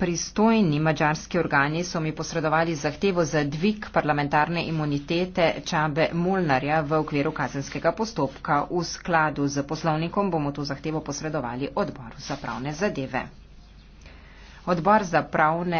Pristojni mađarski organi so mi posredovali zahtevo za dvig parlamentarne imunitete Čabe Molnarja v okviru kazenskega postopka. V skladu z poslovnikom bomo to zahtevo posredovali odboru za pravne zadeve. Odbor za pravne